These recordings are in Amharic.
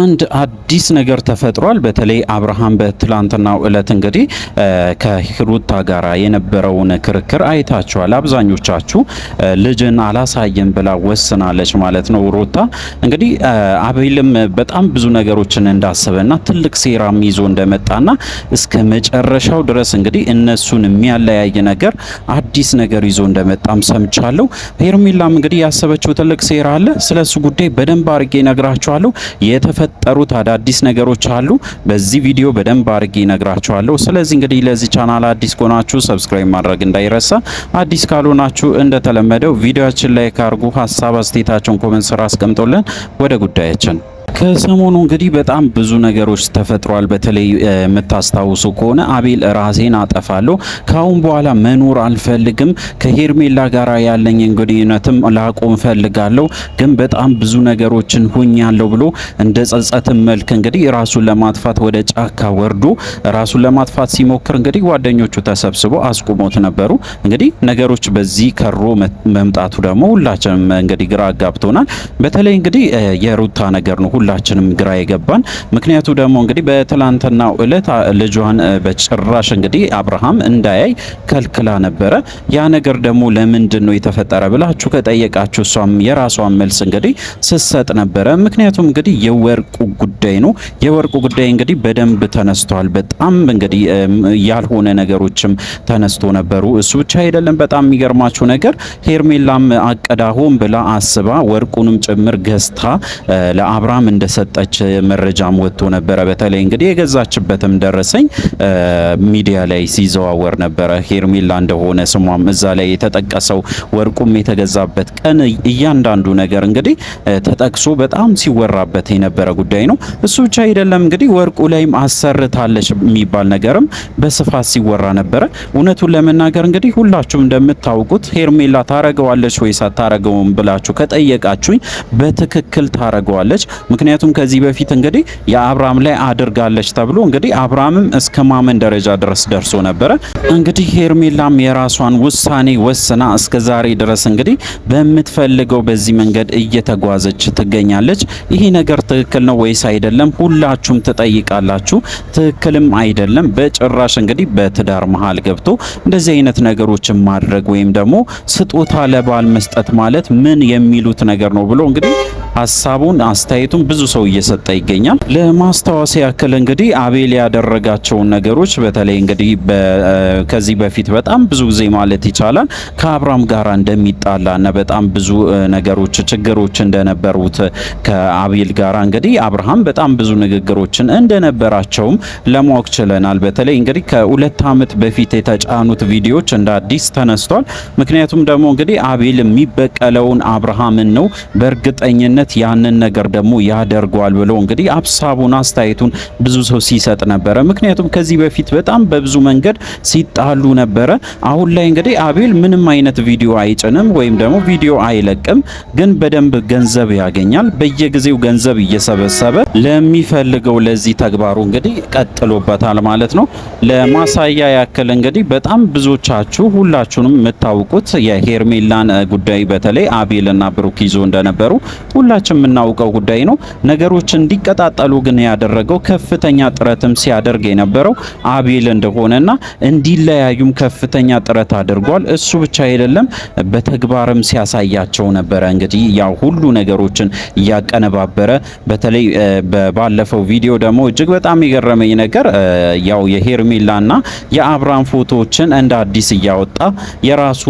አንድ አዲስ ነገር ተፈጥሯል። በተለይ አብርሃም በትላንትናው እለት እንግዲህ ከሩታ ጋራ የነበረውን ክርክር አይታችኋል። አብዛኞቻችሁ ልጅን አላሳየም ብላ ወስናለች ማለት ነው ሩታ። እንግዲህ አቤልም በጣም ብዙ ነገሮችን እንዳሰበና ትልቅ ሴራም ይዞ እንደመጣና እስከ መጨረሻው ድረስ እንግዲህ እነሱን የሚያለያይ ነገር አዲስ ነገር ይዞ እንደመጣም ሰምቻለሁ። ሄርሚላም እንግዲህ ያሰበችው ትልቅ ሴራ አለ። ስለሱ ጉዳይ በደንብ አርጌ ነግራችኋለሁ። የተፈጠሩት አዳዲስ ነገሮች አሉ። በዚህ ቪዲዮ በደንብ አድርጌ እነግራችኋለሁ። ስለዚህ እንግዲህ ለዚህ ቻናል አዲስ ከሆናችሁ ሰብስክራይብ ማድረግ እንዳይረሳ፣ አዲስ ካልሆናችሁ እንደተለመደው ቪዲዮችን ላይ ካርጉ ሀሳብ አስተያየታችሁን ኮመንት ስራ አስቀምጦልን ወደ ጉዳያችን ከሰሞኑ እንግዲህ በጣም ብዙ ነገሮች ተፈጥሯል። በተለይ የምታስታውሱ ከሆነ አቤል ራሴን አጠፋለሁ፣ ከአሁን በኋላ መኖር አልፈልግም፣ ከሄርሜላ ጋር ያለኝ ግንኙነትም ላቆም ፈልጋለሁ፣ ግን በጣም ብዙ ነገሮችን ሁኛለሁ ብሎ እንደ ጸጸትም መልክ እንግዲህ ራሱን ለማጥፋት ወደ ጫካ ወርዶ ራሱን ለማጥፋት ሲሞክር እንግዲህ ጓደኞቹ ተሰብስበው አስቁሞት ነበሩ። እንግዲህ ነገሮች በዚህ ከሮ መምጣቱ ደግሞ ሁላችንም እንግዲህ ግራ አጋብቶናል። በተለይ እንግዲህ የሩታ ነገር ነው ሁላችንም ግራ የገባን። ምክንያቱ ደግሞ እንግዲህ በትላንትናው እለት ልጇን በጭራሽ እንግዲህ አብርሃም እንዳያይ ከልክላ ነበረ። ያ ነገር ደግሞ ለምንድን ነው የተፈጠረ ብላችሁ ከጠየቃችሁ እሷም የራሷን መልስ እንግዲህ ስትሰጥ ነበረ። ምክንያቱም እንግዲህ የወርቁ ጉዳይ ነው። የወርቁ ጉዳይ እንግዲህ በደንብ ተነስቷል። በጣም እንግዲህ ያልሆነ ነገሮችም ተነስቶ ነበሩ። እሱ ብቻ አይደለም። በጣም የሚገርማችሁ ነገር ሄርሜላም አቀዳ ሆን ብላ አስባ ወርቁንም ጭምር ገዝታ ለአብርሃም እንደሰጠች መረጃም ወጥቶ ነበረ። በተለይ እንግዲህ የገዛችበትም ደረሰኝ ሚዲያ ላይ ሲዘዋወር ነበረ። ሄርሜላ እንደሆነ ስሟም እዛ ላይ የተጠቀሰው ወርቁም የተገዛበት ቀን እያንዳንዱ ነገር እንግዲህ ተጠቅሶ በጣም ሲወራበት የነበረ ጉዳይ ነው። እሱ ብቻ አይደለም እንግዲህ ወርቁ ላይም አሰርታለች የሚባል ነገርም በስፋት ሲወራ ነበረ። እውነቱን ለመናገር እንግዲህ ሁላችሁም እንደምታውቁት ሄርሜላ ታረገዋለች ወይስ አታረገውም ብላችሁ ከጠየቃችሁኝ በትክክል ታረገዋለች። ምክንያቱም ከዚህ በፊት እንግዲህ የአብርሃም ላይ አድርጋለች ተብሎ እንግዲህ አብርሃምም እስከ ማመን ደረጃ ድረስ ደርሶ ነበረ። እንግዲህ ሄርሜላም የራሷን ውሳኔ ወስና እስከ ዛሬ ድረስ እንግዲህ በምትፈልገው በዚህ መንገድ እየተጓዘች ትገኛለች። ይሄ ነገር ትክክል ነው ወይስ አይደለም? ሁላችሁም ትጠይቃላችሁ። ትክክልም አይደለም በጭራሽ። እንግዲህ በትዳር መሀል ገብቶ እንደዚህ አይነት ነገሮችን ማድረግ ወይም ደግሞ ስጦታ ለባል መስጠት ማለት ምን የሚሉት ነገር ነው ብሎ እንግዲህ ሀሳቡን አስተያየቱን ብዙ ሰው እየሰጠ ይገኛል። ለማስታወስ ያክል እንግዲህ አቤል ያደረጋቸውን ነገሮች በተለይ እንግዲህ ከዚህ በፊት በጣም ብዙ ጊዜ ማለት ይቻላል ከአብርሃም ጋር እና በጣም ብዙ ነገሮች ችግሮች እንደነበሩት ከአቤል ጋር እንግዲህ አብርሃም በጣም ብዙ ንግግሮችን እንደነበራቸውም ለማወቅ ችለናል። በተለይ እንግዲህ ከሁለት ዓመት በፊት የተጫኑት ቪዲዮዎች እንደ አዲስ ተነስቷል። ምክንያቱም ደግሞ እንግዲህ አቤል የሚበቀለውን አብርሃምን ነው። በእርግጠኝነት ያንን ነገር ደግሞ ያ ያደርገዋል ብሎ እንግዲህ አብሳቡን አስተያየቱን ብዙ ሰው ሲሰጥ ነበረ። ምክንያቱም ከዚህ በፊት በጣም በብዙ መንገድ ሲጣሉ ነበረ። አሁን ላይ እንግዲህ አቤል ምንም አይነት ቪዲዮ አይጭንም ወይም ደግሞ ቪዲዮ አይለቅም፣ ግን በደንብ ገንዘብ ያገኛል። በየጊዜው ገንዘብ እየሰበሰበ ለሚፈልገው ለዚህ ተግባሩ እንግዲህ ቀጥሎበታል ማለት ነው። ለማሳያ ያክል እንግዲህ በጣም ብዙዎቻችሁ ሁላችሁንም የምታውቁት የሄርሜላን ጉዳይ በተለይ አቤልና ብሩክ ይዞ እንደነበሩ ሁላችን የምናውቀው ጉዳይ ነው። ነገሮች እንዲቀጣጠሉ ግን ያደረገው ከፍተኛ ጥረትም ሲያደርግ የነበረው አቤል እንደሆነና እንዲለያዩም ከፍተኛ ጥረት አድርጓል። እሱ ብቻ አይደለም፣ በተግባርም ሲያሳያቸው ነበረ። እንግዲህ ያ ሁሉ ነገሮችን እያቀነባበረ በተለይ ባለፈው ቪዲዮ ደግሞ እጅግ በጣም የገረመኝ ነገር ያው የሄርሜላና የአብርሃም ፎቶዎችን እንደ አዲስ እያወጣ የራሱ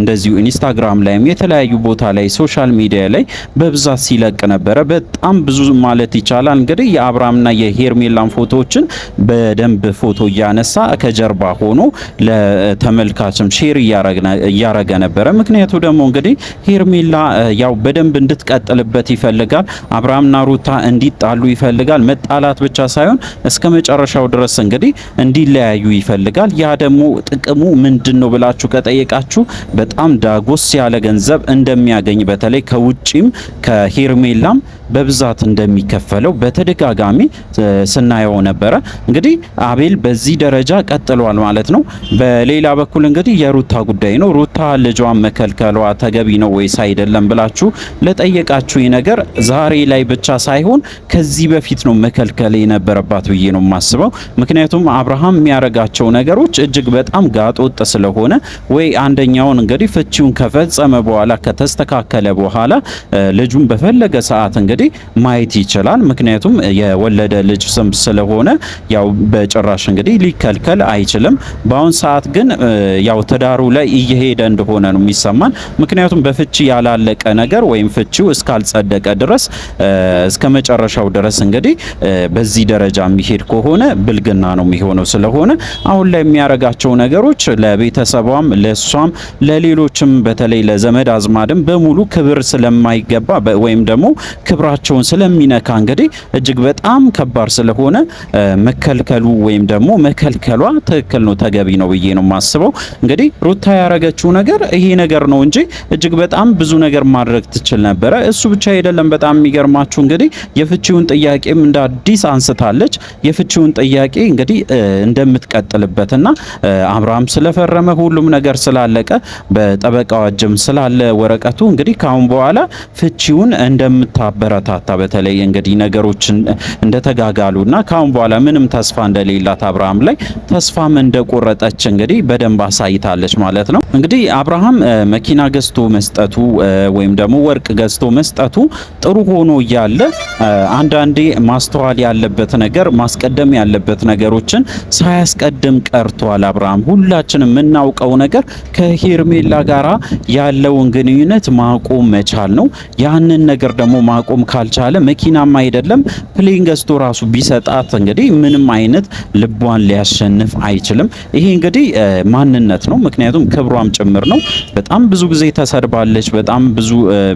እንደዚሁ ኢንስታግራም ላይም የተለያዩ ቦታ ላይ ሶሻል ሚዲያ ላይ በብዛት ሲለቅ ነበረ። በጣም ብዙ ማለት ይቻላል እንግዲህ የአብርሃምና የሄርሜላን ፎቶዎችን በደንብ ፎቶ እያነሳ ከጀርባ ሆኖ ለተመልካችም ሼር እያረገ ነበረ። ምክንያቱ ደግሞ እንግዲህ ሄርሜላ ያው በደንብ እንድትቀጥልበት ይፈልጋል። አብርሃምና ሩታ እንዲጣሉ ይፈልጋል። መጣላት ብቻ ሳይሆን እስከ መጨረሻው ድረስ እንግዲህ እንዲለያዩ ይፈልጋል። ያ ደግሞ ጥቅሙ ምንድን ነው ብላችሁ ከጠየቃችሁ በጣም ዳጎስ ያለ ገንዘብ እንደሚያገኝ በተለይ ከውጪም ከሄርሜላም በብዛት እንደሚከፈለው በተደጋጋሚ ስናየው ነበረ። እንግዲህ አቤል በዚህ ደረጃ ቀጥሏል ማለት ነው። በሌላ በኩል እንግዲህ የሩታ ጉዳይ ነው። ሩታ ልጇን መከልከሏ ተገቢ ነው ወይስ አይደለም ብላችሁ ለጠየቃችሁ ነገር ዛሬ ላይ ብቻ ሳይሆን ከዚህ በፊት ነው መከልከል የነበረባት ብዬ ነው የማስበው። ምክንያቱም አብርሃም የሚያደርጋቸው ነገሮች እጅግ በጣም ጋጦጥ ስለሆነ ወይ አንደኛውን እንግዲህ ፍቺውን ከፈጸመ በኋላ ከተስተካከለ በኋላ ልጁን በፈለገ ሰዓት እንግዲህ እንግዲህ ማየት ይችላል። ምክንያቱም የወለደ ልጅ ስም ስለሆነ ያው በጭራሽ እንግዲህ ሊከልከል አይችልም። በአሁን ሰዓት ግን ያው ትዳሩ ላይ እየሄደ እንደሆነ ነው የሚሰማን። ምክንያቱም በፍቺ ያላለቀ ነገር ወይም ፍቺው እስካልጸደቀ ድረስ እስከ መጨረሻው ድረስ እንግዲህ በዚህ ደረጃ የሚሄድ ከሆነ ብልግና ነው የሚሆነው። ስለሆነ አሁን ላይ የሚያረጋቸው ነገሮች ለቤተሰቧም፣ ለሷም፣ ለሌሎችም በተለይ ለዘመድ አዝማድም በሙሉ ክብር ስለማይገባ ወይም ደግሞ ክብራ ክብራቸውን ስለሚነካ እንግዲህ እጅግ በጣም ከባድ ስለሆነ መከልከሉ ወይም ደግሞ መከልከሏ ትክክል ነው፣ ተገቢ ነው ብዬ ነው የማስበው። እንግዲህ ሩታ ያረገችው ነገር ይሄ ነገር ነው እንጂ እጅግ በጣም ብዙ ነገር ማድረግ ትችል ነበረ። እሱ ብቻ አይደለም። በጣም የሚገርማችሁ እንግዲህ የፍቺውን ጥያቄም እንደ አዲስ አንስታለች። የፍቺውን ጥያቄ እንግዲህ እንደምትቀጥልበትና አብርሃም ስለፈረመ ሁሉም ነገር ስላለቀ በጠበቃዋ እጅም ስላለ ወረቀቱ እንግዲህ ካሁን በኋላ ፍቺውን እንደምታበረ ሲያበረታታ በተለይ እንግዲህ ነገሮችን እንደተጋጋሉና ካሁን በኋላ ምንም ተስፋ እንደሌላት አብርሃም ላይ ተስፋም እንደቆረጠች እንግዲህ በደንብ አሳይታለች ማለት ነው። እንግዲህ አብርሃም መኪና ገዝቶ መስጠቱ ወይም ደግሞ ወርቅ ገዝቶ መስጠቱ ጥሩ ሆኖ እያለ አንዳንዴ ማስተዋል ያለበት ነገር ማስቀደም ያለበት ነገሮችን ሳያስቀድም ቀርቷል። አብርሃም ሁላችንም የምናውቀው ነገር ከሄርሜላ ጋራ ያለውን ግንኙነት ማቆም መቻል ነው። ያንን ነገር ደግሞ ማቆም ካልቻለ መኪናም አይደለም ፕሌይንግ ስቶር ራሱ ቢሰጣት እንግዲህ ምንም አይነት ልቧን ሊያሸንፍ አይችልም። ይሄ እንግዲህ ማንነት ነው፣ ምክንያቱም ክብሯም ጭምር ነው። በጣም ብዙ ጊዜ ተሰድባለች። በጣም ብዙ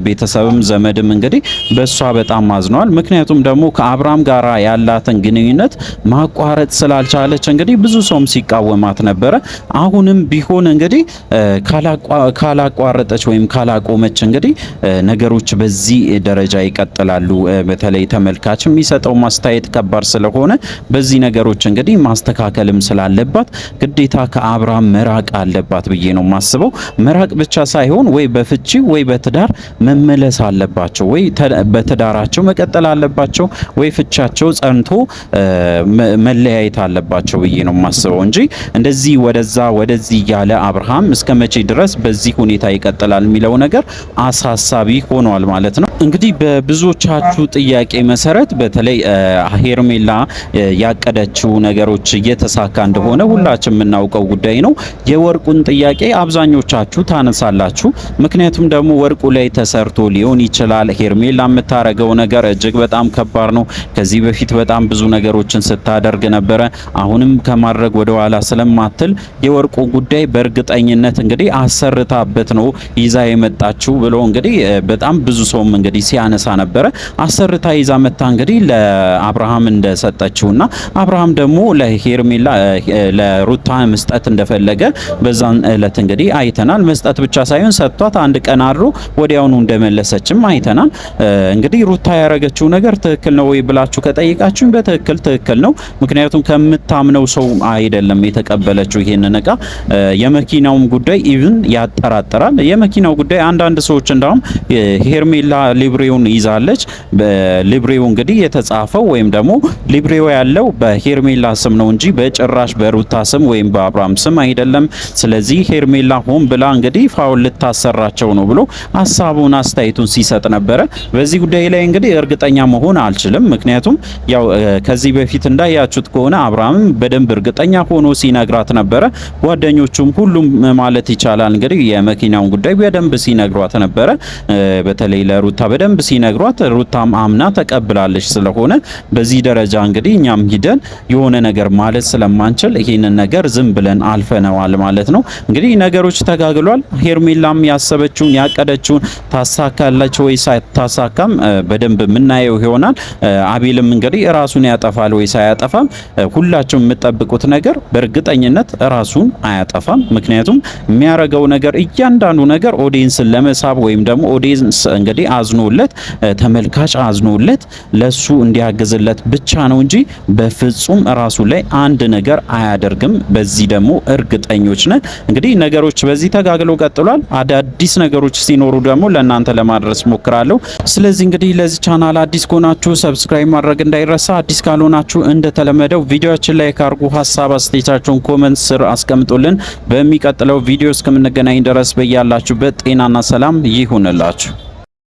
ቤተሰብም ዘመድም እንግዲህ በሷ በጣም አዝነዋል። ምክንያቱም ደግሞ ከአብርሃም ጋራ ያላትን ግንኙነት ማቋረጥ ስላልቻለች እንግዲህ ብዙ ሰውም ሲቃወማት ነበረ። አሁንም ቢሆን እንግዲህ ካላቋረጠች ወይም ካላቆመች እንግዲህ ነገሮች በዚህ ደረጃ ይቀጥላል። ይቀጥላሉ። በተለይ ተመልካች የሚሰጠው ማስተያየት ከባድ ስለሆነ በዚህ ነገሮች እንግዲህ ማስተካከልም ስላለባት ግዴታ ከአብርሃም መራቅ አለባት ብዬ ነው ማስበው። መራቅ ብቻ ሳይሆን ወይ በፍቺ ወይ በትዳር መመለስ አለባቸው፣ ወይ በትዳራቸው መቀጠል አለባቸው፣ ወይ ፍቻቸው ጸንቶ መለያየት አለባቸው ብዬ ነው ማስበው እንጂ እንደዚህ ወደዛ ወደዚህ ያለ አብርሃም እስከ መቼ ድረስ በዚህ ሁኔታ ይቀጥላል የሚለው ነገር አሳሳቢ ሆኗል ማለት ነው። እንግዲህ በብዙዎቻችሁ ጥያቄ መሰረት በተለይ ሄርሜላ ያቀደችው ነገሮች እየተሳካ እንደሆነ ሁላችን የምናውቀው ጉዳይ ነው። የወርቁን ጥያቄ አብዛኞቻችሁ ታነሳላችሁ። ምክንያቱም ደግሞ ወርቁ ላይ ተሰርቶ ሊሆን ይችላል። ሄርሜላ የምታረገው ነገር እጅግ በጣም ከባድ ነው። ከዚህ በፊት በጣም ብዙ ነገሮችን ስታደርግ ነበረ። አሁንም ከማድረግ ወደ ኋላ ስለማትል የወርቁ ጉዳይ በእርግጠኝነት እንግዲህ አሰርታበት ነው ይዛ የመጣችው ብሎ እንግዲህ በጣም ብዙ ሰውም እንግዲህ እንግዲህ ሲያነሳ ነበረ። አሰርታ ይዛ መታ እንግዲህ ለአብርሃም እንደሰጠችውና አብርሃም ደግሞ ለሄርሜላ ለሩታ መስጠት እንደፈለገ በዛን እለት እንግዲህ አይተናል። መስጠት ብቻ ሳይሆን ሰጥቷት አንድ ቀን አድሮ ወዲያውኑ እንደመለሰችም አይተናል። እንግዲህ ሩታ ያደረገችው ነገር ትክክል ነው ወይ ብላችሁ ከጠይቃችሁኝ በትክክል ትክክል ነው። ምክንያቱም ከምታምነው ሰው አይደለም የተቀበለችው ይሄንን እቃ። የመኪናውም ጉዳይ ኢቭን ያጠራጥራል። የመኪናው ጉዳይ አንዳንድ ሰዎች እንዳውም ሄርሜላ ሊብሬውን ይዛለች። ሊብሬው እንግዲህ የተጻፈው ወይም ደግሞ ሊብሬው ያለው በሄርሜላ ስም ነው እንጂ በጭራሽ በሩታ ስም ወይም በአብርሃም ስም አይደለም። ስለዚህ ሄርሜላ ሆን ብላ እንግዲህ ፋውል ልታሰራቸው ነው ብሎ ሀሳቡን አስተያየቱን ሲሰጥ ነበረ። በዚህ ጉዳይ ላይ እንግዲህ እርግጠኛ መሆን አልችልም። ምክንያቱም ያው ከዚህ በፊት እንዳያችሁት ከሆነ አብርሃምም በደንብ እርግጠኛ ሆኖ ሲነግራት ነበረ። ጓደኞቹም ሁሉም ማለት ይቻላል እንግዲህ የመኪናውን ጉዳይ በደንብ ሲነግሯት ነበረ በተለይ ለሩታ በደንብ ሲነግሯት ሩታም አምና ተቀብላለች። ስለሆነ በዚህ ደረጃ እንግዲህ እኛም ሂደን የሆነ ነገር ማለት ስለማንችል ይህንን ነገር ዝም ብለን አልፈነዋል ማለት ነው። እንግዲህ ነገሮች ተጋግሏል። ሄርሜላም ያሰበችውን ያቀደችውን ታሳካለች ወይስ አታሳካም በደንብ የምናየው ይሆናል። አቤልም እንግዲህ ራሱን ያጠፋል ወይስ አያጠፋም? ሁላችሁም የምጠብቁት ነገር በእርግጠኝነት ራሱን አያጠፋም። ምክንያቱም የሚያረገው ነገር እያንዳንዱ ነገር ኦዲየንስን ለመሳብ ወይም ደግሞ ኦዲየንስ እንግዲህ አዙ አዝኖለት ተመልካች አዝኖለት ለሱ እንዲያግዝለት ብቻ ነው እንጂ በፍጹም ራሱ ላይ አንድ ነገር አያደርግም። በዚህ ደግሞ እርግጠኞች ነን። እንግዲህ ነገሮች በዚህ ተጋግለው ቀጥሏል። አዳዲስ ነገሮች ሲኖሩ ደግሞ ለእናንተ ለማድረስ ሞክራለሁ። ስለዚህ እንግዲህ ለዚህ ቻናል አዲስ ከሆናችሁ ሰብስክራይብ ማድረግ እንዳይረሳ፣ አዲስ ካልሆናችሁ እንደተለመደው ቪዲዮችን ላይ ካርጉ፣ ሀሳብ አስተያየታችሁን ኮመንት ስር አስቀምጡልን። በሚቀጥለው ቪዲዮ እስከምንገናኝ ድረስ በያላችሁበት ጤናና ሰላም ይሁንላችሁ።